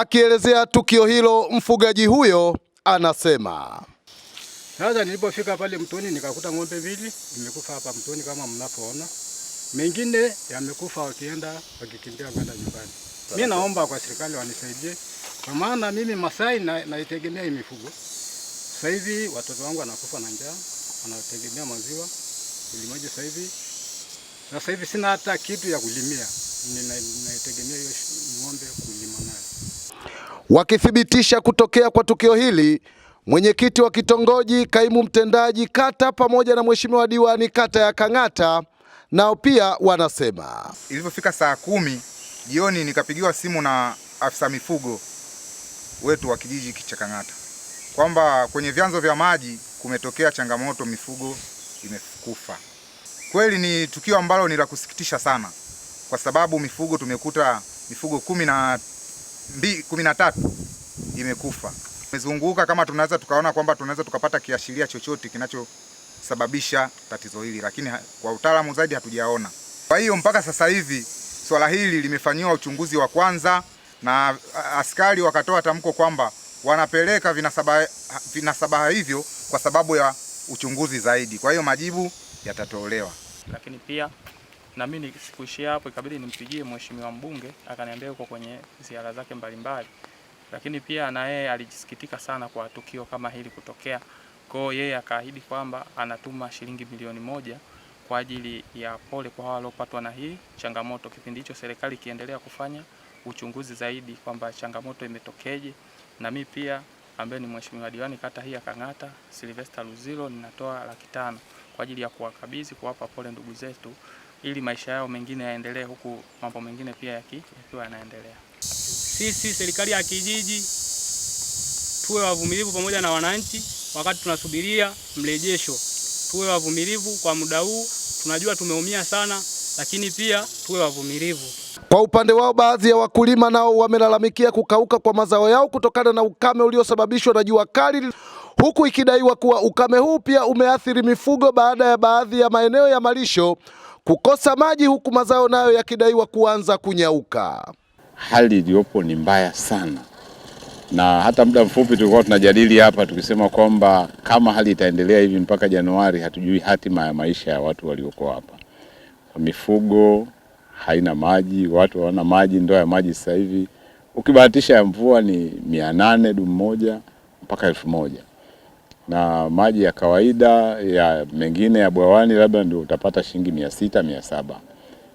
Akielezea tukio hilo, mfugaji huyo anasema sasa, nilipofika pale mtoni nikakuta ng'ombe mbili imekufa hapa mtoni kama mnapoona, mengine yamekufa wakienda wakikimbia kwenda nyumbani. Mimi naomba kwa serikali wanisaidie, kwa maana mimi Masai naitegemea na hii mifugo. Sasa hivi watoto wangu wanakufa na njaa, wanategemea maziwa ulimaji. Sasa hivi sasa hivi sina hata kitu ya kulimia, ninaitegemea hiyo ng'ombe kuli Wakithibitisha kutokea kwa tukio hili, mwenyekiti wa kitongoji, kaimu mtendaji kata pamoja na mheshimiwa diwani kata ya Kang'ata nao pia wanasema. Ilipofika saa kumi jioni nikapigiwa simu na afisa mifugo wetu wa kijiji cha Kang'ata kwamba kwenye vyanzo vya maji kumetokea changamoto, mifugo imekufa. Kweli ni tukio ambalo ni la kusikitisha sana, kwa sababu mifugo tumekuta mifugo kumi na kumi na tatu imekufa imezunguka. Kama tunaweza tukaona kwamba tunaweza tukapata kiashiria chochote kinachosababisha tatizo hili, lakini kwa utaalamu zaidi hatujaona. Kwa hiyo mpaka sasa hivi swala hili limefanyiwa uchunguzi wa kwanza na askari wakatoa tamko kwamba wanapeleka vinasabaha, vinasabaha hivyo kwa sababu ya uchunguzi zaidi. Kwa hiyo majibu yatatolewa, lakini pia na mimi sikuishia hapo, ikabidi nimpigie mheshimiwa mbunge, akaniambia yuko kwenye ziara zake mbalimbali, lakini pia na yeye alijisikitika sana kwa tukio kama hili kutokea. Kwa hiyo yeye akaahidi kwamba anatuma shilingi milioni moja kwa ajili ya pole kwa hao waliopatwa na hii changamoto, kipindi hicho serikali ikiendelea kufanya uchunguzi zaidi kwamba changamoto imetokeje. Na mimi pia ambaye ni mheshimiwa diwani kata hii ya Kang'ata Sylvester Luzilo, ninatoa laki tano kwa ajili ya kuwakabidhi kuwapa pole ndugu zetu ili maisha yao mengine yaendelee, huku mambo mengine pia yakiwa yanaendelea. Sisi serikali ya kijiji tuwe wavumilivu pamoja na wananchi, wakati tunasubiria mrejesho, tuwe wavumilivu kwa muda huu. Tunajua tumeumia sana, lakini pia tuwe wavumilivu. Kwa upande wao, baadhi ya wakulima nao wamelalamikia kukauka kwa mazao yao kutokana na ukame uliosababishwa na jua kali, huku ikidaiwa kuwa ukame huu pia umeathiri mifugo baada ya baadhi ya maeneo ya malisho kukosa maji, huku mazao nayo yakidaiwa kuanza kunyauka. Hali iliyopo ni mbaya sana, na hata muda mfupi tulikuwa tunajadili hapa tukisema kwamba kama hali itaendelea hivi mpaka Januari, hatujui hatima ya maisha ya watu walioko hapa. Mifugo haina maji, watu hawana maji, ndoa ya maji sasa hivi ukibahatisha ya mvua ni mia nane dumu moja mpaka elfu moja na maji ya kawaida ya mengine ya bwawani labda ndio utapata shilingi mia sita mia saba.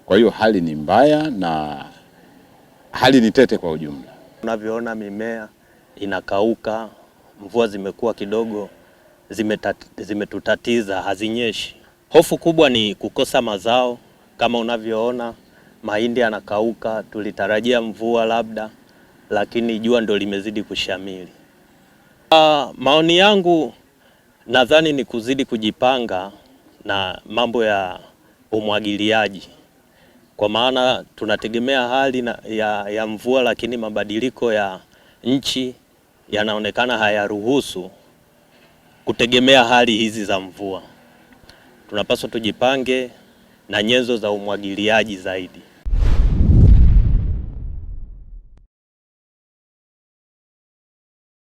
Kwa hiyo hali ni mbaya na hali ni tete kwa ujumla. Unavyoona mimea inakauka, mvua zimekuwa kidogo, zimetutatiza, hazinyeshi. Hofu kubwa ni kukosa mazao. Kama unavyoona mahindi yanakauka, tulitarajia mvua labda, lakini jua ndo limezidi kushamili. Uh, maoni yangu nadhani ni kuzidi kujipanga na mambo ya umwagiliaji kwa maana tunategemea hali na, ya, ya mvua lakini mabadiliko ya nchi yanaonekana hayaruhusu kutegemea hali hizi za mvua. Tunapaswa tujipange na nyenzo za umwagiliaji zaidi.